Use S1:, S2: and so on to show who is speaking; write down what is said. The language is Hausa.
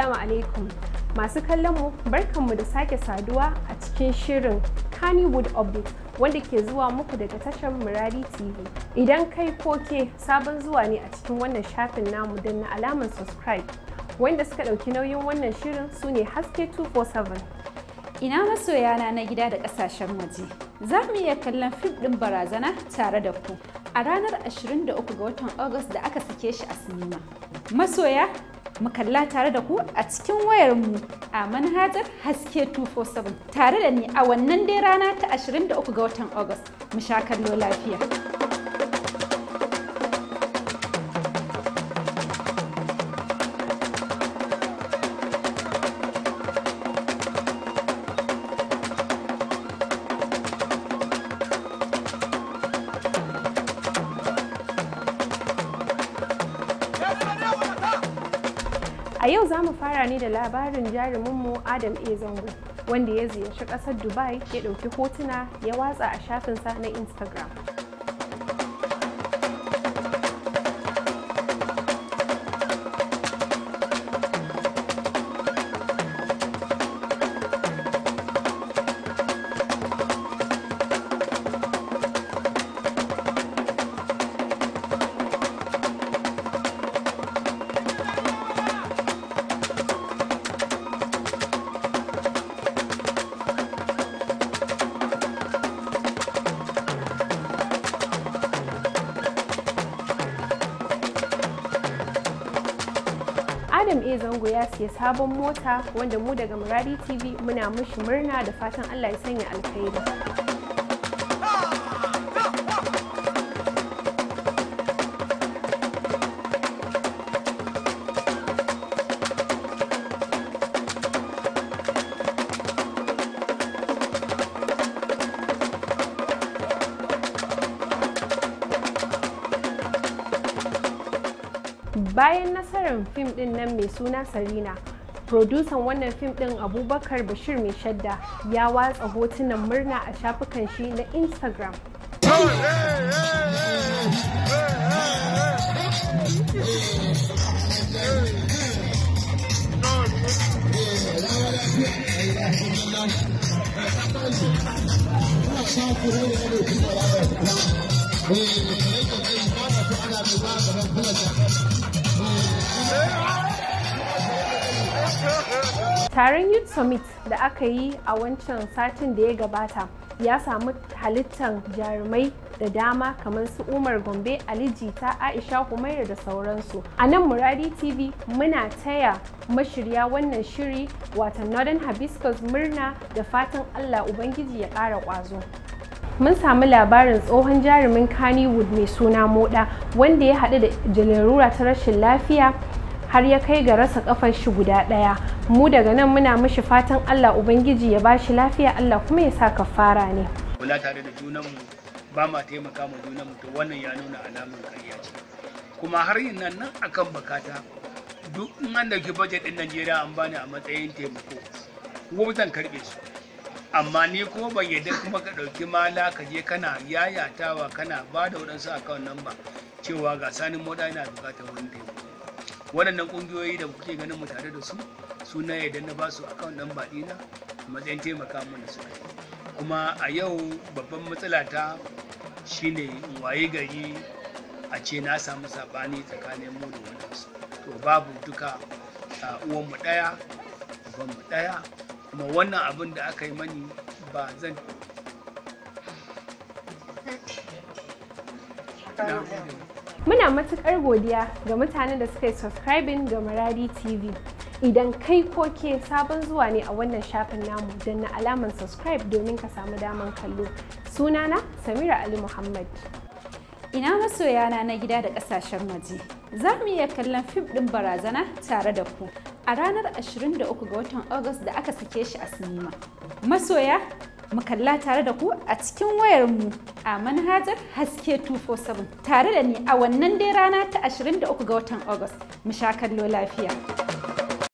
S1: Assalamu alaikum masu kallon mu barkanmu da sake saduwa a cikin shirin Kannywood Update wanda ke zuwa muku daga tashar muradi TV. Idan kai ko ke sabon zuwa ne a cikin wannan shafin namu don na
S2: alamar subscribe wanda suka ɗauki nauyin wannan shirin su ne haske 247. Ina masoya na na gida da ƙasashen waje. Za mu iya kallon fim ɗin barazana tare da ku a ranar 23 ga watan agust da aka sake shi a sinima. Masoya mu kalla tare da ku a cikin wayar mu a manhajar haske 247 tare da ni a wannan dai rana ta 23 ga watan August mu sha kallo lafiya.
S1: A yau za mu fara ne da labarin jaruminmu Adam A. Zango, wanda ya ziyarci ƙasar Dubai ya ɗauki hotuna ya watsa a shafinsa na Instagram. Adam A Zango ya siya sabon mota wanda mu daga Murari TV muna mushi murna da fatan Allah ya sanya alkhairi. bayan nasarar fim din nan mai suna sarina Furodusan wannan fim din Abubakar Bashir mai shadda ya watsa hotunan murna a shafukan shi na Instagram. taron youth summit da aka yi a wancan satin da ya gabata ya samu halittar jarumai da dama kamar su umar gombe alijita aisha humaira da sauransu a nan muradi tv muna taya mashirya wannan shiri wata northern hibiscus murna da fatan allah ubangiji ya ƙara ƙwazo mun samu labarin tsohon jarumin kannywood mai suna moda wanda ya haɗu da jalerura ta rashin lafiya har ya kai ga rasa kafar shi guda ɗaya mu daga nan muna mishi fatan Allah ubangiji ya bashi lafiya Allah kuma ya sa kafara ne
S3: kula tare da junanmu ba ma taimaka ma junanmu to wannan ya nuna alamun ƙarya ce kuma har yin nan nan akan bukata duk in an dauki budget din Najeriya an bani a matsayin taimako ko zan karbe su amma ni kuma ban yadda kuma ka ɗauki mala ka je kana yayatawa kana ba da wadansu akawun nan ba cewa ga sanin moda yana bukatar wani taimako waɗannan ƙungiyoyi da kuke ganin mu tare da su suna idan na ba basu akawun ɗan baɗi na matsayin taimaka mana su kuma a yau babban matsala ta shine waye gari a ce na samu saɓani tsakanin mu da wani wadansu to babu duka a uwanmu ɗaya mu ɗaya kuma wannan abin da aka yi mani ba zan
S1: Muna matuƙar godiya ga mutanen da suka yi subscribing ga Maradi TV. Idan kai ko ke sabon zuwa ne a wannan shafin namu don na alaman subscribe domin ka samu daman kallo. Sunana Samira Ali Muhammad.
S2: Ina masoyana na gida da ƙasashen waje. Za mu iya kallon fim ɗin barazana tare da ku a ranar 23 ga watan august da aka sake shi a sinima. Masoya mu kalla tare da ku a cikin wayar mu a manhajar haske 247 tare da ni a wannan dai rana ta 23 ga watan August. Mu sha kallo lafiya.